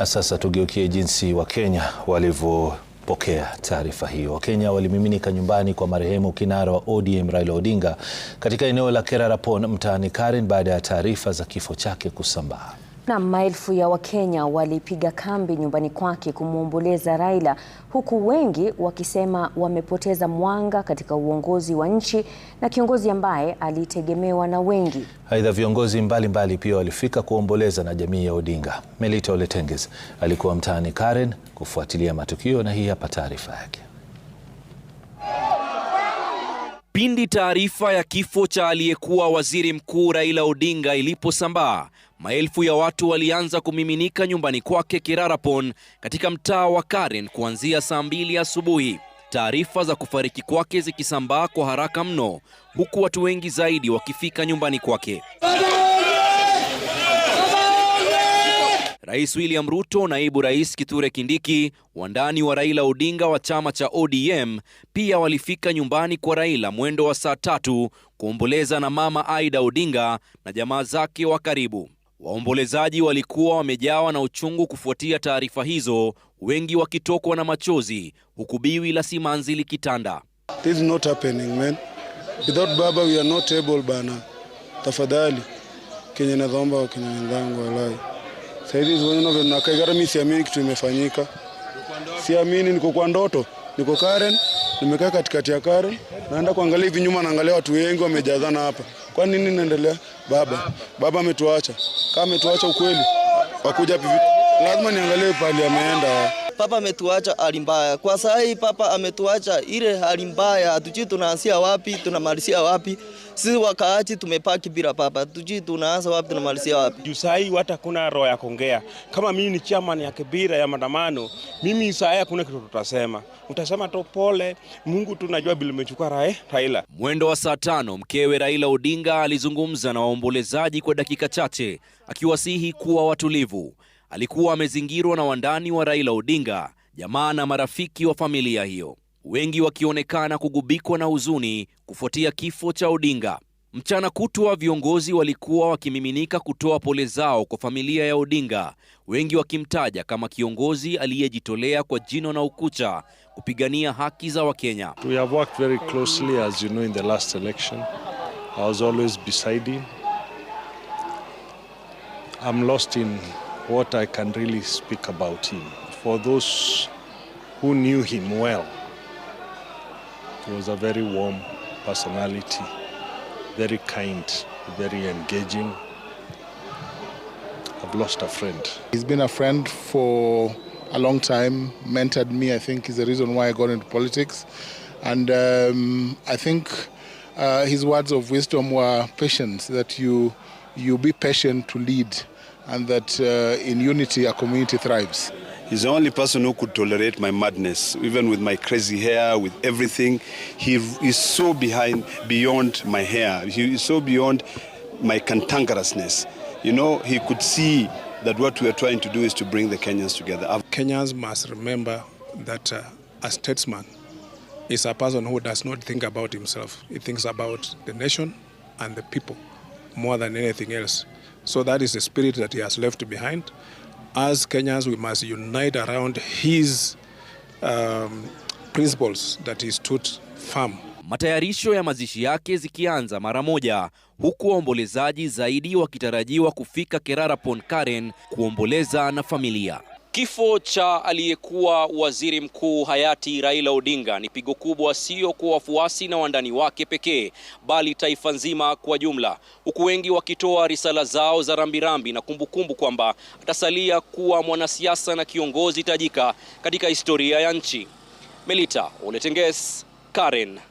Na sasa tugeukie jinsi Wakenya walivyopokea taarifa hiyo. Wakenya walimiminika nyumbani kwa marehemu kinara wa ODM Raila Odinga katika eneo la Kerarapon mtaani Karen baada ya taarifa za kifo chake kusambaa. Na maelfu ya Wakenya walipiga kambi nyumbani kwake kumwomboleza Raila, huku wengi wakisema wamepoteza mwanga katika uongozi wa nchi na kiongozi ambaye alitegemewa na wengi. Aidha, viongozi mbalimbali pia walifika kuomboleza na jamii ya Odinga. Melita Oletenges alikuwa mtaani Karen kufuatilia matukio na hii hapa taarifa yake. Pindi taarifa ya kifo cha aliyekuwa waziri mkuu Raila Odinga iliposambaa, maelfu ya watu walianza kumiminika nyumbani kwake Kirarapon katika mtaa wa Karen kuanzia saa mbili asubuhi, taarifa za kufariki kwake zikisambaa kwa haraka mno, huku watu wengi zaidi wakifika nyumbani kwake. Rais William Ruto, naibu rais Kithure Kindiki, wandani wa Raila Odinga wa chama cha ODM pia walifika nyumbani kwa Raila mwendo wa saa tatu kuomboleza na mama Aida Odinga na jamaa zake wa karibu. Waombolezaji walikuwa wamejawa na uchungu kufuatia taarifa hizo, wengi wakitokwa na machozi, huku biwi la simanzi likitanda. This is not happening man. Without baba we are not able bana. Tafadhali Kenya, naomba Wakenya wenzangu, walai sasa hivi nakagara, mimi siamini kitu imefanyika, siamini, niko kwa ndoto, niko Karen, nimekaa katikati ya Karen, naenda kuangalia hivi nyuma, naangalia watu wengi wamejazana hapa. Kwa nini naendelea? Baba baba ametuacha, kama ametuacha ukweli, wakuja lazima niangalie pale ameenda. Papa ametuacha hali mbaya. Kwa saa hii papa ametuacha ile hali mbaya, hatujui tunaanzia wapi, tunamalizia wapi. Sisi wakaachi tumepaki bila papa, hatujui tunaanza wapi, tunamalizia wapi. Juu saa hii hata kuna roho ya kuongea. Kama mimi ni chairman ya kibira ya maandamano, mimi saa hii hakuna kitu tutasema. Utasema tu pole, Mungu tunajua bila umechukua rae eh, Raila. Mwendo wa saa tano mkewe Raila Odinga alizungumza na waombolezaji kwa dakika chache akiwasihi kuwa watulivu alikuwa amezingirwa na wandani wa Raila Odinga, jamaa na marafiki wa familia hiyo, wengi wakionekana kugubikwa na huzuni kufuatia kifo cha Odinga. Mchana kutwa viongozi walikuwa wakimiminika kutoa pole zao kwa familia ya Odinga, wengi wakimtaja kama kiongozi aliyejitolea kwa jino na ukucha kupigania haki za Wakenya. We have worked very closely as you know in the last election. I was always beside him. I'm lost in what I can really speak about him. For those who knew him well, he was a very warm personality, very kind, very engaging. I've lost a friend. He's been a friend for a long time, mentored me, I think is the reason why I got into politics. And um, I think uh, his words of wisdom were patience, that you, you be patient to lead and that uh, in unity our community thrives. He's the only person who could tolerate my madness, even with my crazy hair, with everything. He is so behind, beyond my hair. He is so beyond my cantankerousness. You know, he could see that what we are trying to do is to bring the Kenyans together. Kenyans must remember that uh, a statesman is a person who does not think about himself. He thinks about the nation and the people more than anything else. So that is the spirit that he has left behind. As Kenyans, we must unite around his um, principles that he stood firm. Matayarisho ya mazishi yake zikianza mara moja, huku waombolezaji zaidi wakitarajiwa kufika Kerara Pond Karen kuomboleza na familia. Kifo cha aliyekuwa waziri mkuu hayati Raila Odinga ni pigo kubwa, sio kwa wafuasi na wandani wake pekee, bali taifa nzima kwa jumla, huku wengi wakitoa risala zao za rambirambi na kumbukumbu kwamba atasalia kuwa mwanasiasa na kiongozi tajika katika historia ya nchi. Melita Oletenges, Karen